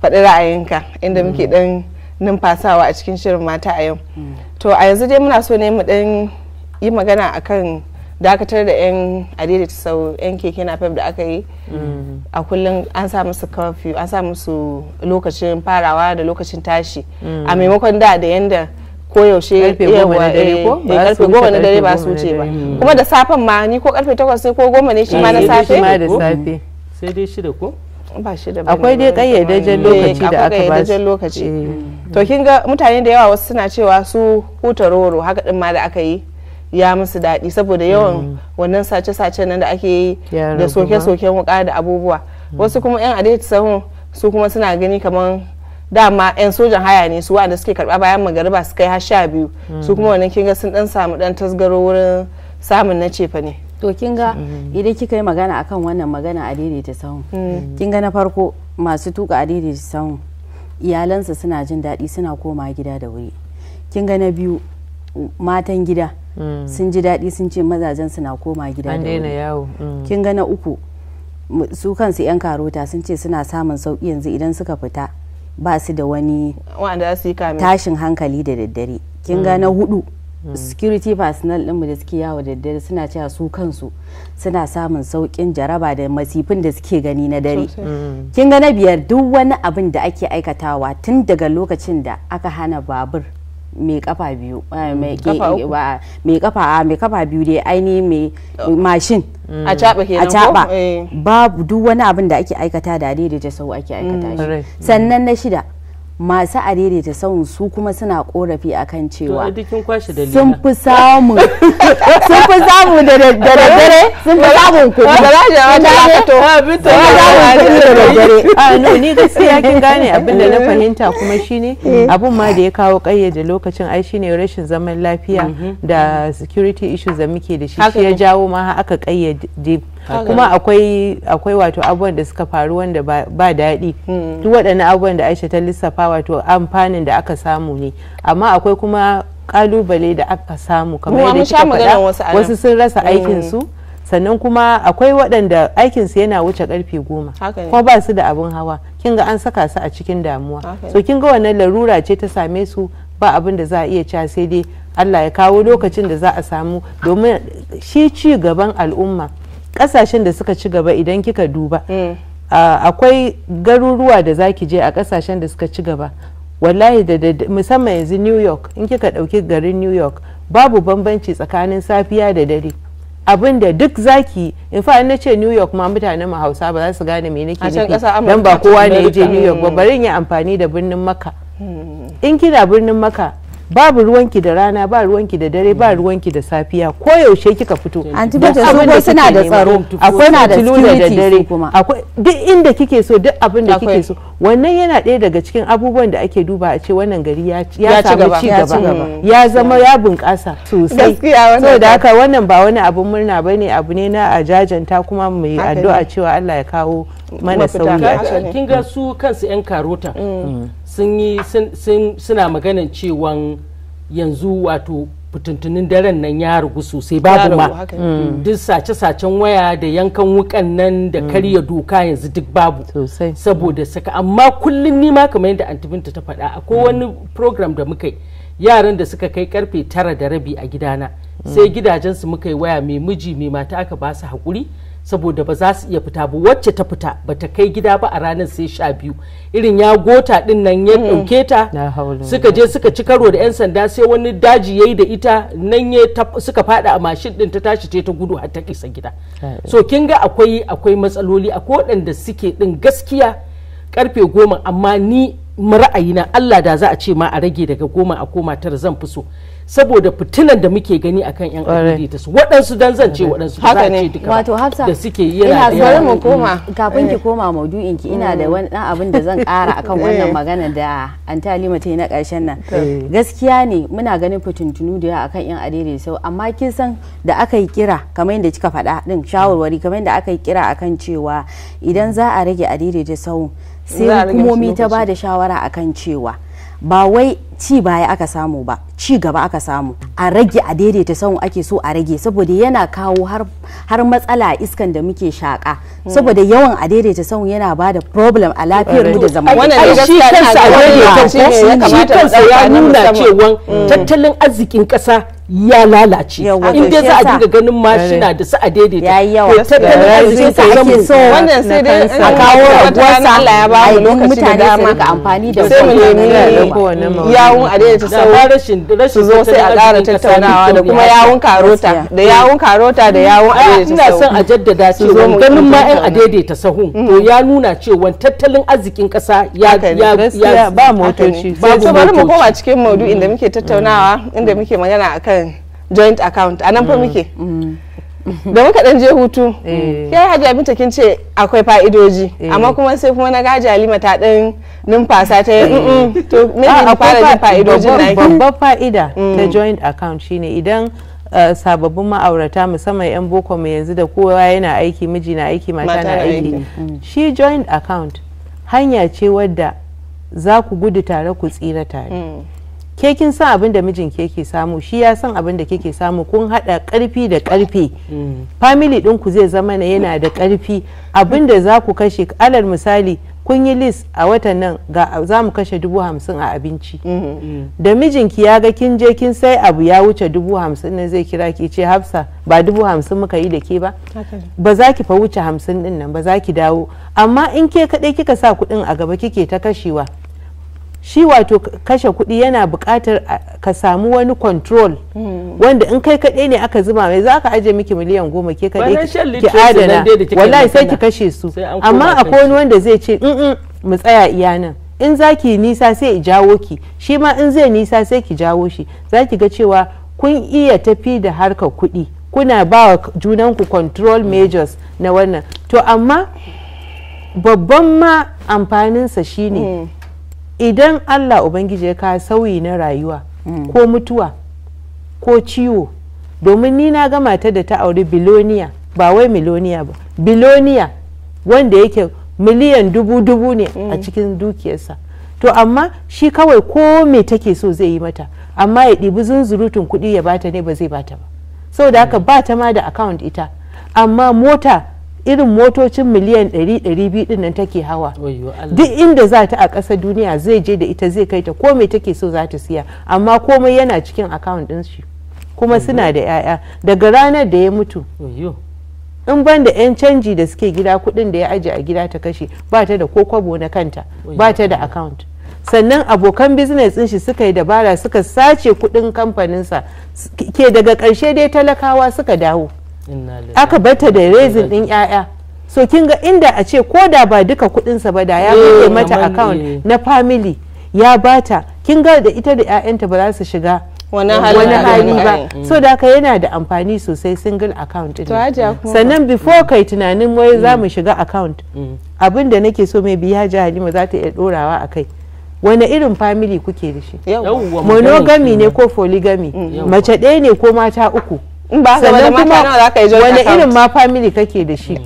Speaker 2: faɗi ra'ayinka inda muke ɗan numfasawa a cikin shirin mata a yau to a yanzu dai muna so ne mu dan yi magana akan dakatar da 'yan ta sau 'yan keke na da aka yi
Speaker 4: mm-hmm.
Speaker 2: a kullum an sa musu curfew an sa musu lokacin farawa da lokacin tashi mm. a maimakon da da yanda koyaushe karfe goma na dare ba su wuce ba kuma da safen ma ni ko karfe takwas ko goma ne shi ma na safe
Speaker 4: sai dai shida ko akwai dai kayyadajen lokaci da aka ba shi lokaci eh.
Speaker 2: to kin ga mutane da yawa wasu suna cewa su hutaroro haka din ma da aka yi ya musu daɗi saboda yawan mm. wannan sace-sace nan da ake yi da soke-soken wuka da abubuwa wasu kuma yan adaiti sahun su kuma suna gani kamar dama yan sojan haya ne su wanda suke karba bayan magariba su kai har sha biyu su mm. kuma wannan ga sun dan samu dan
Speaker 3: tasgaro wurin samun na cefa ne to kin ga mm. idan kika yi magana akan wannan magana a daidaita sahun mm. kin ga na farko masu tuka a daidaita sahun iyalansa suna jin daɗi suna koma gida da wuri kin ga na biyu matan gida mm. sun ji daɗi sun ce mazajen suna koma gida da wuri kin ga na uku su kansu 'yan karota sun ce suna samun sauki yanzu idan suka fita ba su da wani tashin hankali da daddare kin ga na hudu Hmm. security personnel ɗinmu da suke yawo da dare suna cewa su kansu suna samun saukin jaraba da masifin da suke gani na dare hmm. kin ga na biyar duk wani abin da ake aikatawa tun daga lokacin da aka hana babur mai kafa biyu eh, hmm. mai kafa mai kafa biyu dai aini oh. mai mashin a caba kenan a caba eh. babu duk wani abin da ake aikata da dai da sau ake aikata shi sannan na shida masu adaidaita sahun su kuma suna korafi akan cewa
Speaker 1: sun fi samun
Speaker 3: sun fi samun da daddare sun fi samun kuɗi da za ta wata to ha
Speaker 1: da daddare a ah, no ni gaskiya yakin gane abin da na eh. fahimta
Speaker 4: kuma shine eh. abun ma da ya kawo kayyade lokacin ai shine rashin zaman lafiya mm-hmm. da security issues da muke da shi shi ya jawo ma aka kayyade kuma akwai akwai wato abubuwan da suka faru wanda ba daɗi hmm. duk waɗannan abubuwan da aisha ta lissafa wato amfanin da aka samu ne amma akwai kuma kalubale da aka samu kamar yadda kika faɗa wasu sun rasa hmm. aikin su sannan kuma akwai waɗanda aikinsu yana wuce karfe goma kuma ba su da abin hawa kin ga an saka su a cikin damuwa so kin ga wannan larura ce ta same su ba abin da za a iya cewa sai dai Allah ya kawo lokacin da za a samu domin shi ci gaban al'umma kasashen da suka ci gaba idan kika duba mm. akwai garuruwa da zaki je a kasashen da suka ci gaba wallahi da musamman yanzu new york in kika dauki garin new york babu bambanci tsakanin safiya da dare abin da duk zaki in fa na ce new york ma mutanen mu hausa ba za su gane me nake nufi dan ba kowa ne ya je new york ba mm. bari in yi amfani da birnin maka mm. in kina birnin maka babu ruwanki da rana ba ruwanki da dare ba mm. ruwanki da safiya ko yaushe kika fito duk suna da tsaro akwai na da dare duk inda kike so duk abin kike so wannan yana ɗaya daga cikin abubuwan da ake duba a ce wannan gari ya samu ci gaba ya zama ya bunƙasa sosai so da haka wannan ba wani abin murna bane abu ne na ajajanta kuma mai addu'a cewa Allah
Speaker 1: ya kawo mana sauyi kin ga su kansu yan karota mm. Mm. sun suna maganin cewa yanzu wato fitintunin daren nan ya rugu sosai babu ma mm. Mm. duk sace-sacen waya da yankan wukan nan da mm. karya doka yanzu duk babu saboda saka amma kullum ni ma kamar yadda antibinta ta faɗa akwai wani program da muka yaran da suka kai karfe tara da rabi a gidana sai gidajensu muka yi waya mai miji mai mata aka ba su haƙuri saboda ba za su iya fita ba wacce ta fita ba ta kai gida ba a ranar sai sha biyu irin ya gota din nan ya ɗauke ta suka je suka ci karo da 'yan sanda sai wani daji ya yi da ita nan ya suka fada a mashin din ta tashi ce ta gudu har ta kisa gida so kin ga akwai akwai matsaloli akwai waɗanda suke din gaskiya karfe goma amma ni ra'ayina Allah da za a ce ma a rage daga goma a koma tara zan fi so saboda fitinan da muke gani akan yan adidas waɗansu dan zan ce waɗansu ba ce duka wato hafsa da suke yi yana da yawa mu koma mm.
Speaker 3: kafin ki eh. koma maudu'in ki ina da mm. wani dan abin da zan kara akan eh. wannan magana da antalima ta yi na ƙarshen nan eh. gaskiya ne muna ganin fitintunu da yawa akan yan adidas sau amma kin san da aka yi kira kamar yadda kika faɗa din shawarwari kamar yadda aka yi kira akan cewa idan za a rage adidas sau sai hukumomi ta ba da shawara akan cewa ba wai ci baya aka samu ba ci gaba aka samu a rage a daidaita sahun ake so a rage saboda yana kawo har matsala a iskan da muke shaka saboda yawan a daidaita sahun yana ba da problem a lafiyar mu da zama wannan shi kansa a daidaita shi kansa ya nuna cewa
Speaker 1: mm. tattalin
Speaker 3: arzikin kasa ya lalace
Speaker 1: in dai za a dinga ganin mashina da su a daidaita yayi yawa tattalin arzikin sa ake so wannan sai dai a kawo raguwar sa Allah ya ba mu lokaci da dama ka amfani da sai mu nemi ya yawun a daidaita sau su zo sai a ƙara tattaunawa da kuma yawun karota da yawun karota da yawun a daidaita ina son a jaddada cewa ganin ma yan a daidaita sahun mm. to ya nuna cewa tattalin arzikin ƙasa ya ba motoci babu bari mu koma cikin maudu'in da mm. muke tattaunawa inda muke
Speaker 2: magana akan joint account a nan fa mm. muke da muka dan je hutu eh. ya yi binta kin ce akwai
Speaker 4: fa'idoji eh. amma
Speaker 2: kuma sai kuma na gaji halima ta dan numfasa ta yi eh.
Speaker 4: to me ah, ne fara jin fa'idojin na babbar fa'ida ta mm. joint account shine idan sababbin ma'aurata musamman 'yan boko mai yanzu da kowa yana aiki miji na aiki mata na aiki mm. shi joint account hanya ce wadda za ku gudu tare ku tsira tare mm. ke kin san abin da mijinki ke ke samu shi ya san abin da kike samu kun hada karfi da karfe mm. family din ku zai zama na yana da karfi abin da za ku kashe alal misali kun yi list a watan nan ga za mu kashe dubu hamsin a abinci mm. Mm. da mijinki ya ga kin je kin sai abu ya wuce dubu hamsin nan zai kira ki ce hafsa ba dubu hamsin muka yi da ke ba ba za ki fa wuce hamsin din nan ba za ki dawo amma in ke kaɗai kika sa kuɗin a gaba kike ta kashewa shi wato kashe kuɗi yana bukatar ka samu wani control hmm. wanda in kai kaɗai ne aka zuba mai za ka aje miki miliyan goma ke kaɗai ki adana wallahi sai ki kashe su
Speaker 1: amma akwai wani
Speaker 4: wanda zai ce in mu tsaya iya nan in za ki nisa sai i jawo ki shi ma in zai nisa sai ki jawo shi za ki ga cewa kun iya tafi da harkar kuɗi kuna ba wa ku control hmm. measures na wannan to amma babban ma amfaninsa shine ne hmm. idan allah ubangiji ya kawo sauyi na rayuwa mm. ko mutuwa ko ciwo domin ni na gama ta da ta auri biloniya ba wai miloniya ba biloniya wanda yake miliyan dubu dubu ne a mm. cikin dukiyarsa to amma shi kawai ko me take so zai yi mata amma ya ɗibi zunzurutun kuɗi ya bata ne ba zai bata ba sau da haka ba ta ma da account ita amma mota irin motocin miliyan 100-200 din nan take hawa duk inda za ta a ƙasar duniya zai je da ita zai kai ta komai take so za ta siya amma komai yana cikin account din shi kuma suna da 'ya'ya daga ranar da ya mutu in ban da 'yan canji da suke gida kuɗin da ya aje a gida ta kashe ba ta da ko kwabo na kanta ba ta da account sannan abokan business din shi suka yi dabara suka sace kuɗin kamfaninsa ke daga karshe dai talakawa suka dawo aka bata da raisin din yaya so kin ga inda a ce ko da ba duka sa ba da ya eh, buɗe mata account na family ya bata kin ga da ita da 'ya'yanta ba za su shiga wani hali ba so da ka yana da amfani sosai single account din sannan before kai tunanin wai za mu mm. shiga account mm. abin da nake so mai biya ji halima za ta iya dorawa a kai wani irin family kuke da shi monogamy ne ko polygamy mm, mace ɗaya ne ko mata uku in ba da mata nawa za ka yi jan wani irin ma family kake da shi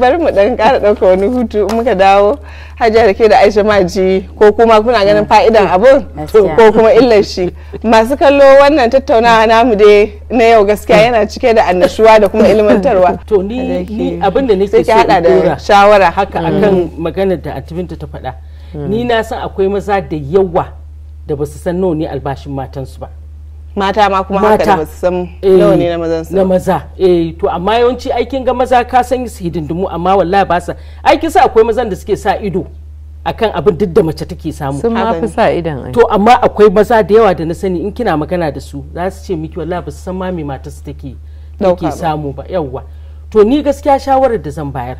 Speaker 2: bari mu dan kara dauka wani hutu muka dawo hajjiyar ke da aisha maji ko kuma kuna ganin mm. fa'idan abun ko kuma illar shi masu kallo wannan tattaunawa namu dai na yau gaskiya yana cike da annashuwa da kuma ilmantarwa to ni abin da nake so hada da
Speaker 1: shawara haka mm. akan maganar da atibinta ta faɗa mm. ni na san akwai maza da yawa da ba su san nawa ne albashin matansu ba mata ma kuma haka da basu san eh, nawa ne na mazan su na maza eh to amma yawanci aikin ga maza ka san su hidindimu amma wallahi ba sa aikin sa akwai mazan da suke sa ido akan abin duk da mace take samu sun ma fi sa idan to amma akwai maza da yawa da na sani in kina magana da su za su ce miki wallahi ba su san ma me mata su take
Speaker 4: take samu
Speaker 1: ba yawwa to ni gaskiya shawarar da zan bayar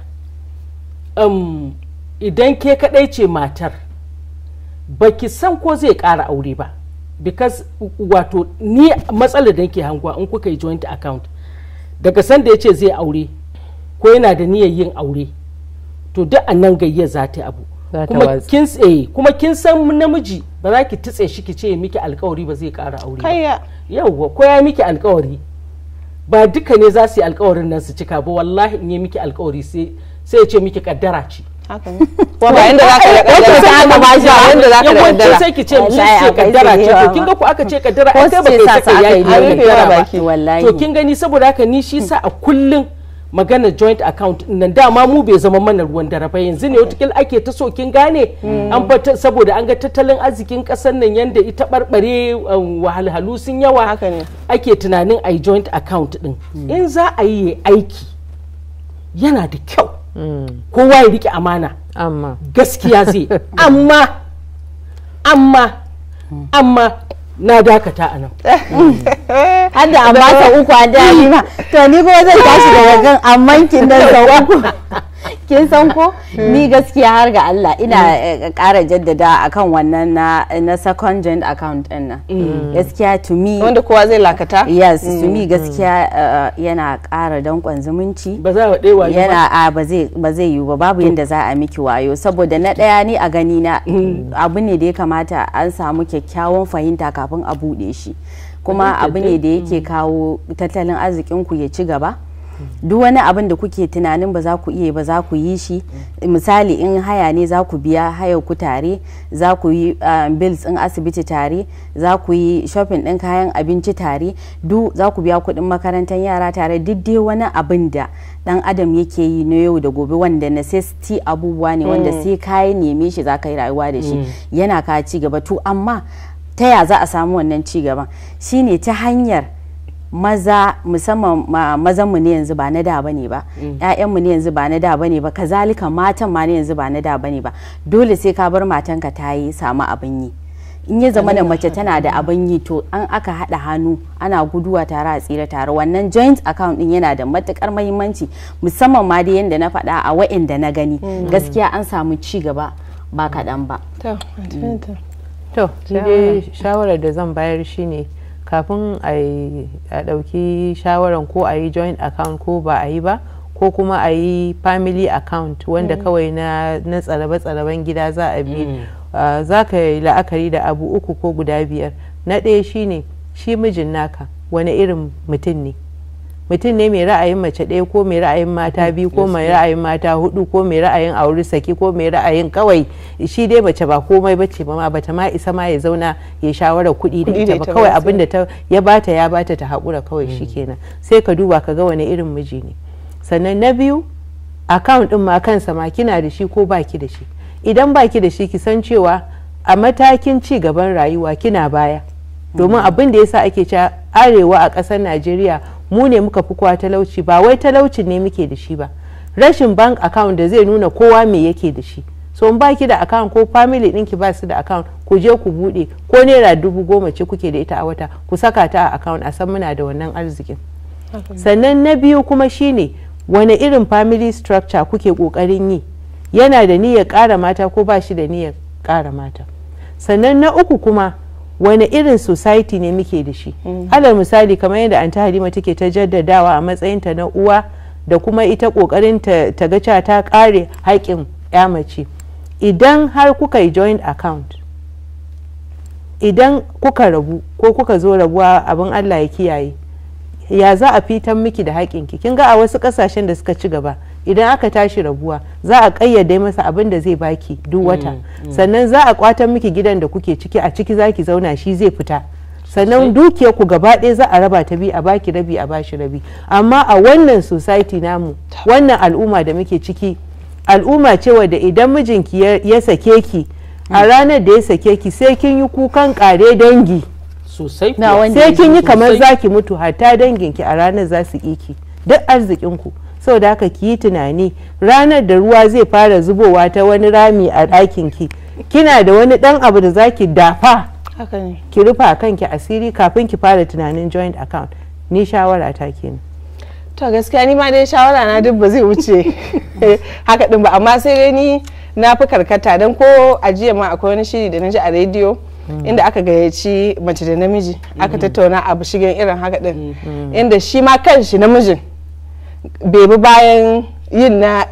Speaker 1: um, idan ke kadai ce matar baki san ko zai ƙara aure ba because wato ni matsalar da yake hanguwa in kuka yi joint account daga sanda ya ce zai aure ko yana da niyyar yin aure to duk a nan gayya za ta abu kuma kin tsaye eh, kuma kin san namiji ba za ki tutse shi ki ce miki alkawari ba zai kara aure ba yawwa ko ya miki alkawari ba duka ne za su yi alkawarin nan su cika ba wallahi in yi miki alkawari sai ya ce miki kaddara ce haka ne ko ba
Speaker 3: yanda kin
Speaker 1: gani saboda haka ni shi sa a kullun magana joint account nan dama mu bai zama mana ruwan dare ba yanzu ne wata ake ta so kin gane hmm. an saboda an ga tattalin arzikin kasar nan yanda ita barbare um, wahalhalu sun yawa ake tunanin ai joint account din hmm. in za a yi aiki yana da kyau kowa ya rike amana amma gaskiya zai amma amma amma na dakata a nan
Speaker 3: an da amma ta uku an da to ni kuma zai tashi da wajen amman kin nan sau uku kin san ko hmm. ni gaskiya har ga Allah ina hmm. eh, ƙara jaddada akan wannan na na second joint account din nan hmm. gaskiya to me wanda kowa zai lakata yes to me gaskiya eh, yana ƙara danƙon zumunci ba za a wayo yana a ba zai ba zai yi ba babu yanda za a miki wayo saboda na ɗaya ni a gani na abu ne da ya kamata an samu kyakkyawan fahimta kafin a buɗe shi kuma abu ne da yake kawo tattalin arzikin ku ya ci gaba duk wani abin da kuke tunanin ba za ku iya ba za ku yi shi misali in haya ne za ku biya hayar ku tare za ku yi ah, bills in asibiti tare za ku yi shopping din kayan abinci tare duk za ku biya kuɗin makarantar yara tare duk dai wani abin da dan adam yake yi na yau da gobe wanda necessity abubuwa ne wanda mm. sai ka neme shi za ka yi rayuwa da shi mm. yana ka ci gaba to amma ta ya za a samu wannan ci gaban shine ta hanyar maza musamman mazan mu ne yanzu ba na da bane ba mm. ƴaƴan mu ne yanzu ba na da bane ba kazalika matan ma ne yanzu ba na da bane ba dole sai ka bar matanka ta yi samu abin yi in ya zama da mace tana da abin yi to an aka haɗa hannu ana guduwa tare a tsira tare wannan joint account din yana da matukar muhimmanci musamman ma da yanda na faɗa a wa'inda na gani mm. gaskiya an samu ci gaba ba kaɗan ba to mm. shawarar da zan bayar shine kafin
Speaker 4: a ɗauki shawaran ko a yi joint account ko ba a yi ba ko kuma a yi family account wanda mm. kawai na, na tsarabe-tsaraben gida za a bi mm. uh, za ka yi la'akari da abu uku ko guda biyar na ɗaya shine shi mijin naka wani irin mutum ne mutum ne mai ra'ayin mace ɗaya ko mai ra'ayin mata biyu ko mai ra'ayin mata hudu ko mai ra'ayin auri saki ko mai ra'ayin kawai shi dai mace ba komai bace ba ma bata ma isa ma ya zauna ya shawara kuɗi da ita ba kawai abin ta ya bata ya bata ta haƙura kawai hmm. shikenan sai ka duba ka ga wani irin miji ne sannan na biyu account din ma kansa ma kina da shi ko baki da shi idan baki da shi ki san cewa a matakin ci gaban rayuwa kina baya hmm. domin abin da yasa ake cewa arewa a ƙasar Najeriya mu ne muka fi kowa talauci ba wai talauci ne muke da shi ba rashin bank account da zai nuna kowa me yake da shi so in baki da account ko family ɗinki ba su da account ku je ku buɗe ko naira dubu goma ce kuke da ita a wata ku saka ta a account a san muna da wannan arzikin sannan na biyu kuma shine wani irin family structure kuke ƙoƙarin yi yana da niyyar kara mata ko ba shi da niyyar kara mata sannan na uku kuma wani irin society ne muke da shi mm. alal misali kamar yadda anta halima take ta jaddadawa a matsayinta na uwa da kuma ita kokarin ta ga ta kare haƙƙin ya mace idan har kuka yi joint account idan kuka rabu ko kuka zo rabuwa abin allah ya kiyaye ya za a fitan miki da haƙƙinki kin ga a wasu ƙasashen da suka ci gaba idan aka tashi rabuwa za a kayyade masa abin da zai baki duk mm, wata mm. sannan za a kwatan miki gidan da kuke ciki a ciki zaki zauna shi zai fita sannan dukiyar ku gaba ɗaya za a raba ta bi a baki rabi a bashi rabi amma a wannan society namu wannan al'umma da muke ciki al'umma ce wadda idan mijinki ya sake ki a mm. ranar da ya sake ki sai kin yi kukan kare dangi
Speaker 1: sosai sai kin yi kamar zaki
Speaker 4: mutu hatta danginki a ranar za su iki duk arzikinku ku saboda haka ki yi tunani ranar da ruwa zai fara zubowa ta wani rami a ɗakin ki kina da wani ɗan abu da zaki dafa ki rufa kanki asiri kafin ki fara tunanin joint account ni shawara ta kenan
Speaker 2: to gaskiya ni ma dai shawara na duk ba zai wuce haka din ba amma sai dai ni na fi karkata don ko a ma akwai wani shiri da na ji a rediyo mm-hmm. inda aka gayyaci mace da namiji aka mm-hmm. tattauna abu shigen irin haka din mm-hmm. inda shi ma kan namijin bebi bayan yin na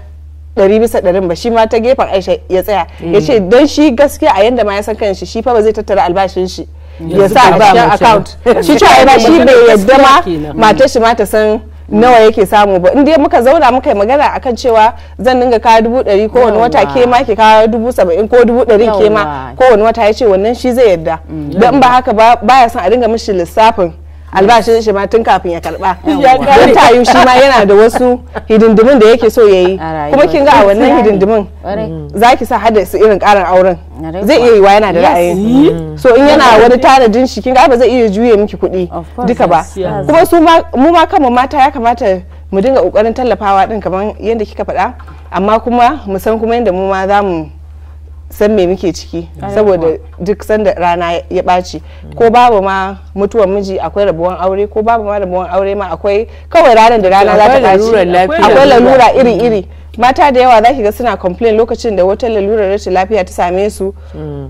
Speaker 2: ɗari bisa ɗarin ba shi ma ta gefen aisha ya tsaya mm. ya ce don shi gaskiya a yanda ma ya san kanshi shi fa ba zai tattara albashin shi ya sa a cikin account shi cewa ba shi bai yadda ma matar shi ma ta san mm. nawa yake samu ba inda muka zauna muka yi magana akan cewa zan dinga kawo dubu ɗari kowane wata ke ma ke kawo dubu saba'in ko dubu ɗari ke ma kowane wata ya ce wannan shi zai yadda mm. don ba haka ba ya son a dinga mishi lissafin albashin shi ma tun kafin ya karba don tayu shi ma yana da wasu hidindimin da yake so ya yi kuma kin ga a wannan hidindimin za ki sa hada su irin karin auren zai iya yiwa yana da ra'ayi mm. so in yana wani tanadin shi kin ga ba zai iya juye miki kuɗi duka ba kuma su mu ma kanmu mata ya kamata mu dinga kokarin tallafawa din kamar yadda kika faɗa amma kuma mu san kuma yadda mu ma za san me muke ciki saboda duk sanda rana ya ɓaci mm. ko babu ma mutuwan miji akwai rabuwan aure ko babu ma rabuwan aure ma akwai kawai ranar da rana za ta ɓaci akwai lalura iri-iri mata da yawa za ki ga suna complain lokacin da wata lalurar rashin lafiya ta same su mm.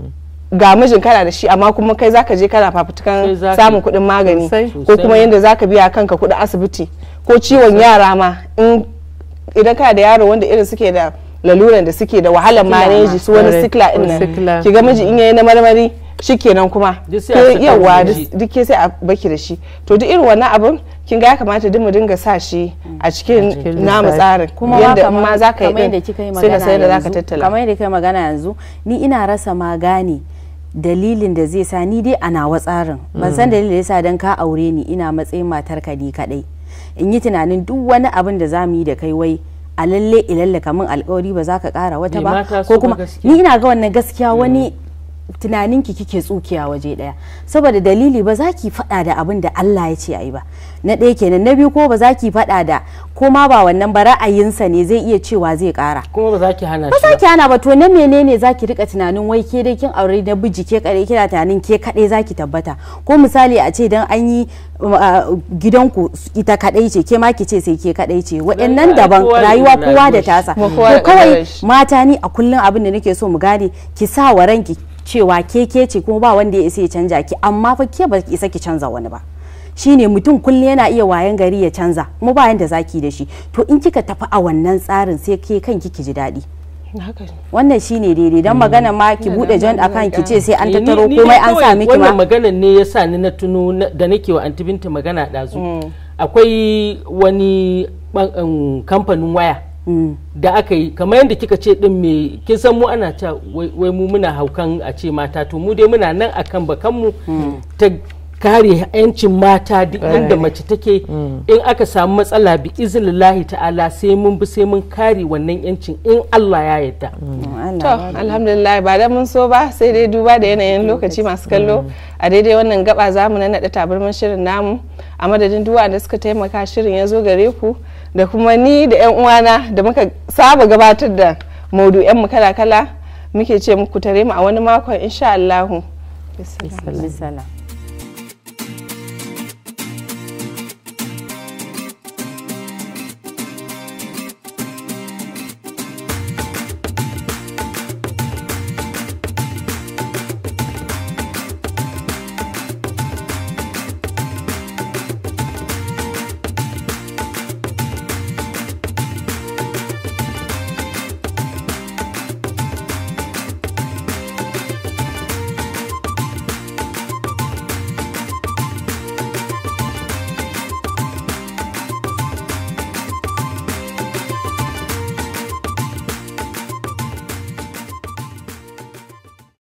Speaker 2: ga mijin kana da shi amma kuma kai zaka je kana fafutukan samun kuɗin magani ko kuma yadda zaka biya kanka kuɗin asibiti ko ciwon yara ma idan kana da yaro wanda irin suke da laluran da suke da wahalar maneji su wani sikla din nan ki ga miji in yayi na marmari shikenan kuma yawa duk ke sai a baki da shi to duk irin wannan
Speaker 3: abin kin ga ya kamata duk mu dinga sa shi a cikin namu tsarin kuma yanda in ma zaka yi din sai ka sai da zaka tattala kamar yadda kai magana yanzu ni ina rasa magani dalilin da zai sa ni dai a nawa tsarin ban san mm. dalilin da yasa dan ka aure ni ina matsayin matar ka ni kadai in yi tunanin duk wani abin da zamu yi da kai wai a lalle ilalle kamar alkawari ba za ka kara wata ba ko kuma ni ina ga wannan gaskiya wani tunaninki kike tsukiya waje daya saboda dalili ba za ki faɗa da abin da Allah ya ce ayi ba na ɗaya kenan na biyu ko ba za ki faɗa da ko ma ba wannan ba ra'ayinsa ne zai iya cewa zai kara. kuma ba za ki hana ba za ki hana ba to na menene za ki rika tunanin wai ke dai kin aure na biji ke kare kina tunanin ke kaɗai za ki tabbata ko misali a ce dan an yi uh, gidanku ita kaɗai ce ke ma ki ce sai ke kaɗai ce waɗannan daban rayuwa kowa da tasa kawai mata ni a kullum abin da nake so mu gane ki sa wa ranki cewa ke ce kuma ba wanda ya isa ya canza ki amma fa ke ba ki isa ki canza wani ba shine mutum kullum yana iya wayan gari ya canza kuma ba yanda zaki da shi to in kika tafi a wannan tsarin sai ke kanki ki ji daɗi wannan shine daidai dan magana ma ki bude joint account ki ce sai an eh, tattaro komai an sa miki ma wannan
Speaker 1: magana ne yasa ni na tuno da nake wa anti binta magana dazu mm. akwai wani um, kamfanin waya da aka yi kamar yadda kika ce din me kin san mu ana ta wai mu muna haukan a ce mata to mu dai muna nan akan bakanmu ta kare 'yancin mata duk inda mace take mm. in aka samu matsala bi izinillahi ta'ala sai mun bi sai mun kare wannan 'yancin in Allah ya yarda. Mm. to alhamdulillah
Speaker 2: ba da mun so ba sai dai duba da yanayin lokaci masu kallo mm. a daidai wannan gaba zamu na naɗa tabarmin shirin namu a madadin duwa da suka taimaka shirin ya zo gare ku. da kuma ni da 'yan uwana da muka saba gabatar da 'yan mu kala-kala muke ce muku tare mu a wani makon insha Allahu. Bismillah.